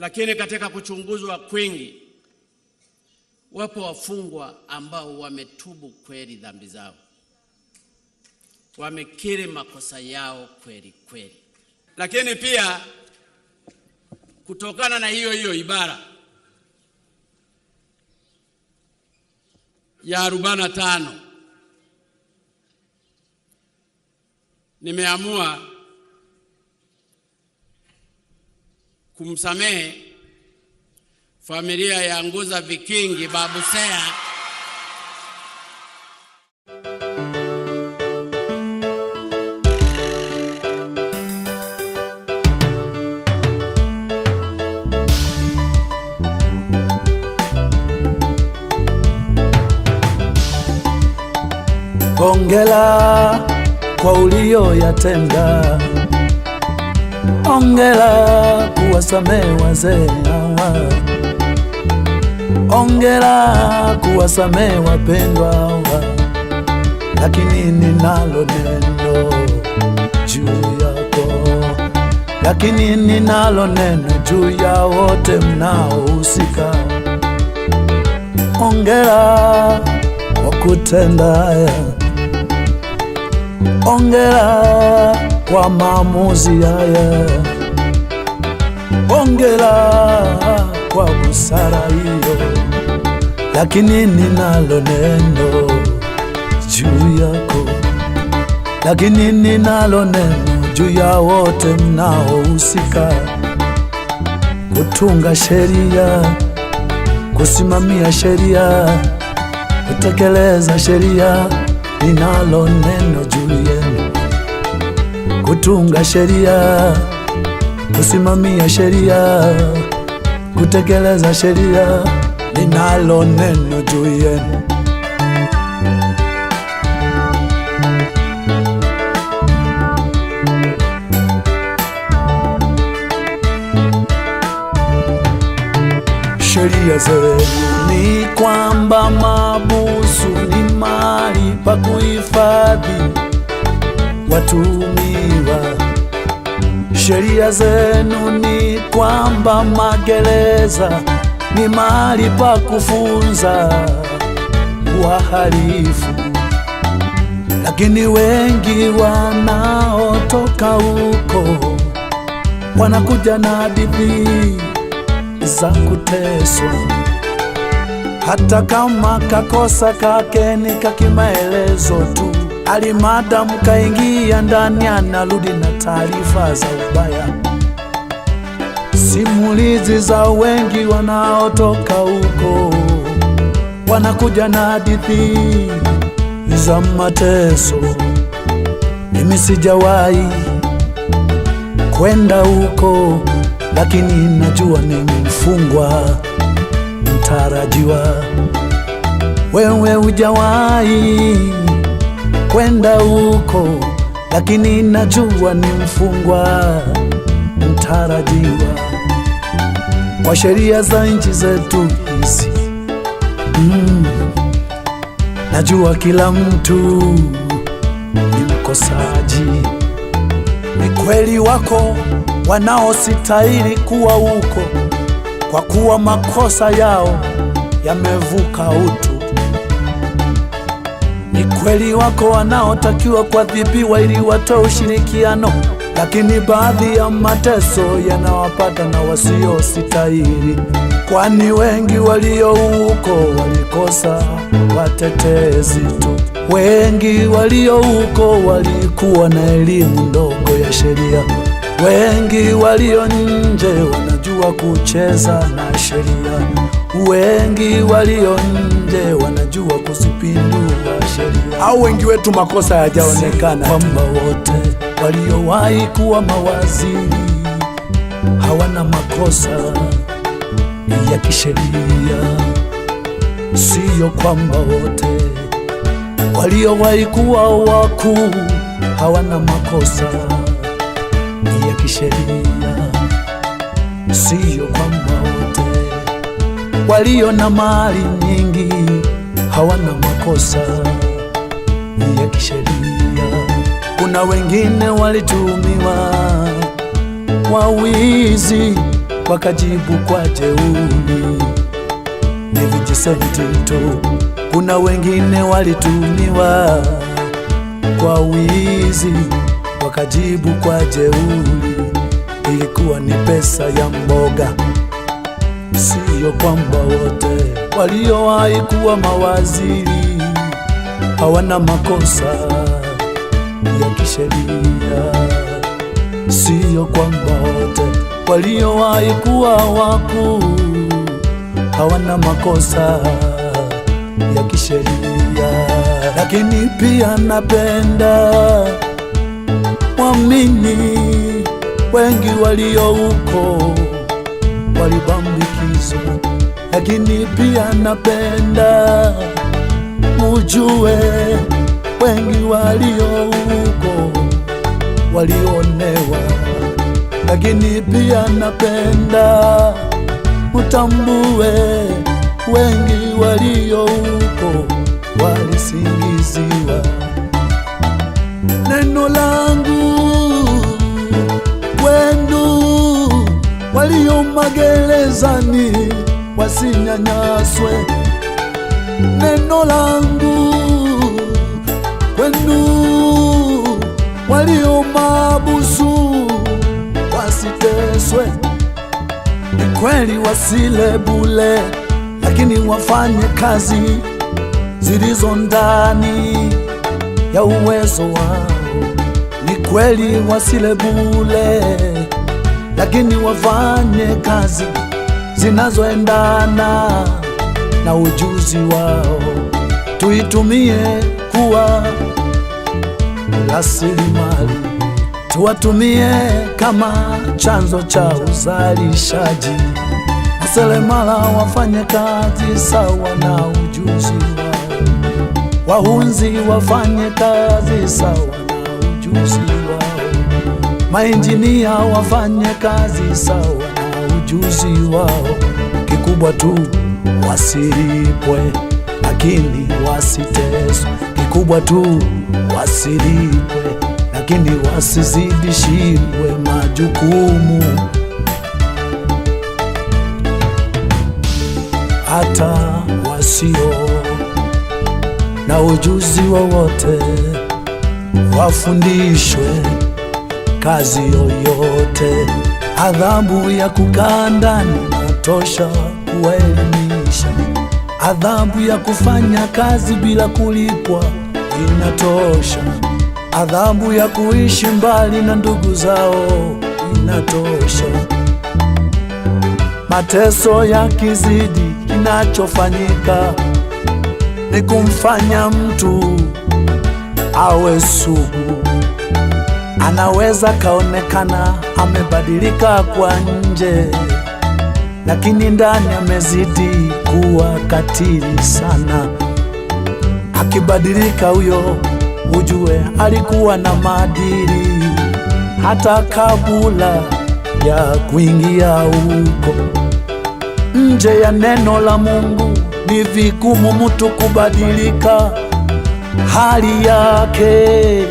Lakini katika kuchunguzwa kwingi, wapo wafungwa ambao wametubu kweli dhambi zao, wamekiri makosa yao kweli kweli. Lakini pia kutokana na hiyo hiyo ibara ya arobaini tano nimeamua kumsamehe familia ya Nguza Vikingi Babu Seya. Hongera kwa ulioyatenda, hongera kuwasamehe wazee, ongera kuwasamehe wapendwa, lakini ninalo neno juu yako, lakini ninalo neno juu ya wote mnaohusika. Ongera kwa kutenda haya Ongera kwa maamuzi haya ongela kwa busara hiyo, lakini ninalo neno juu yako, lakini ninalo neno juu ya wote mnaohusika kutunga sheria, kusimamia sheria, kutekeleza sheria. Ninalo neno juu yenu kutunga sheria kusimamia sheria, kutekeleza sheria. Ninalo neno juu yenu, sheria zenu ni kwamba mabusu ni mali pa kuhifadhi watu Sheria zenu ni kwamba magereza ni mahali pa kufunza wahalifu, lakini wengi wanaotoka huko wanakuja na hadithi za kuteswa. Hata kama kakosa kake ni kakimaelezo tu alimadamu kaingia ndani, anarudi na taarifa za ubaya, simulizi za wengi wanaotoka huko, wanakuja na hadithi za mateso. Mimi sijawahi kwenda huko, lakini najua ni mfungwa mtarajiwa. Wewe hujawahi kwenda huko, lakini najua ni mfungwa mtarajiwa kwa sheria za nchi zetu hizi. Mm, najua kila mtu ni mkosaji. Ni kweli wako wanaostahili kuwa huko, kwa kuwa makosa yao yamevuka utu ni kweli wako wanaotakiwa kuadhibiwa ili watoe ushirikiano, lakini baadhi ya mateso yanawapata na wasiostahili, kwani wengi walio huko walikosa watetezi tu. Wengi walio huko walikuwa na elimu ndogo ya sheria. Wengi walio nje wanajua kucheza na sheria. Wengi walio nje wanajua kuzipindua sheria, au wengi wetu makosa hayajaonekana, kwamba wote waliowahi kuwa mawaziri hawana makosa ya kisheria. Siyo kwamba wote waliowahi kuwa wakuu hawana makosa ya kisheria siyo kwa wote walio na mali nyingi hawana makosa ya kisheria. Kuna wengine walitumiwa wawizi wakajibu kwa jeuni ni vijisenti tu. Kuna wengine walitumiwa kwa wizi wakajibu kwa jeuni ilikuwa ni pesa ya mboga, siyo kwamba wote waliowahi kuwa mawaziri hawana makosa ya kisheria, siyo kwamba wote waliowahi kuwa wakuu hawana makosa ya kisheria, lakini pia napenda mwamini wengi walio huko walibambikizwa, lakini pia napenda ujue wengi walio huko walionewa, lakini pia napenda utambue wengi walio huko magerezani wasinyanyaswe. Neno langu kwenu, walio mabusu wasiteswe. Ni kweli wasile bule, lakini wafanye kazi zilizo ndani ya uwezo wao. Ni kweli wasile bule lakini wafanye kazi zinazoendana na ujuzi wao. Tuitumie kuwa rasilimali, tuwatumie kama chanzo cha uzalishaji. Seremala wafanye kazi sawa na ujuzi wao, wahunzi wafanye kazi sawa na ujuzi wao. Mainjinia wafanye kazi sawa na ujuzi wao, kikubwa tu wasilipwe, lakini wasiteswe. Kikubwa tu wasilipwe, lakini wasizidishiwe majukumu. Hata wasio na ujuzi wowote wa wafundishwe kazi yoyote. Adhabu ya kukaa ndani natosha kuwaelimisha. Adhabu ya kufanya kazi bila kulipwa inatosha. Adhabu ya kuishi mbali na ndugu zao inatosha. Mateso ya kizidi, kinachofanyika ni kumfanya mtu awe sugu anaweza kaonekana amebadilika kwa nje, lakini ndani amezidi kuwa katili sana. Akibadilika huyo, ujue alikuwa na maadili hata kabula ya kuingia huko. Nje ya neno la Mungu ni vigumu mtu kubadilika hali yake.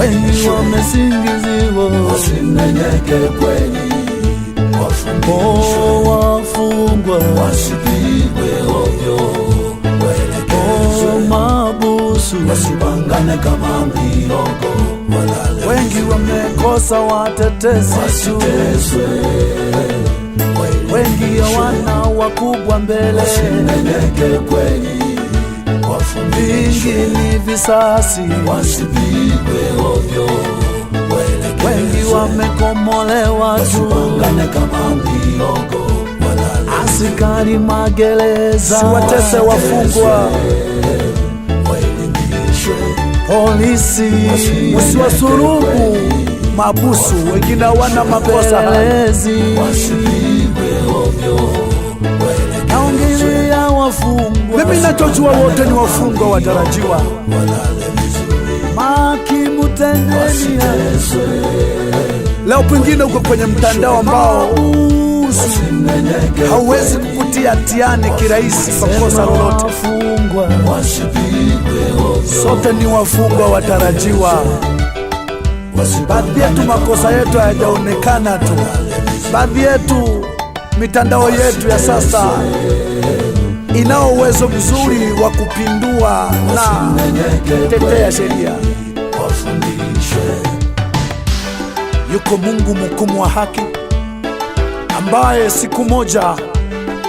wengi wamesingiziwa wasimenyeke kweli, wafundishwe oh, wafungwa wasipigwe ovyo, waelekezwe oh, mabusu wasipangane kama mihogo, walale wengi wamekosa watetezi wasiteswe wengi hawana wakubwa mbele, wasimenyeke kweli wafundishwe, ili visasi wasipigwe ovyo. Wengi wamekomolewa tu, askari magereza siwatese wafungwa, polisi usiwasurubu mabusu, wengine wana makosa wafungwa. Mimi nachojua wote ni wafungwa watarajiwa. Makimutendeni leo, pengine uko kwenye mtandao ambao hauwezi kukutia tiani kirahisi kwa kosa lolote. Sote ni wafungwa watarajiwa. Baadhi yetu makosa yetu hayajaonekana tu, baadhi yetu mitandao yetu ya sasa inao uwezo mzuri wa kupindua na tetea sheria. Yuko Mungu mhukumu wa haki, ambaye siku moja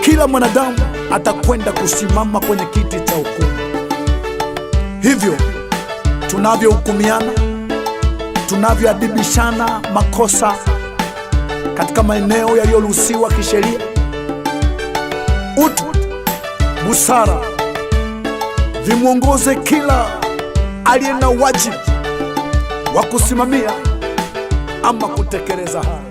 kila mwanadamu atakwenda kusimama kwenye kiti cha hukumu. Hivyo tunavyohukumiana, tunavyoadibishana makosa katika maeneo yaliyoruhusiwa kisheria busara vimwongoze kila aliye na wajibu wa kusimamia ama kutekeleza haya.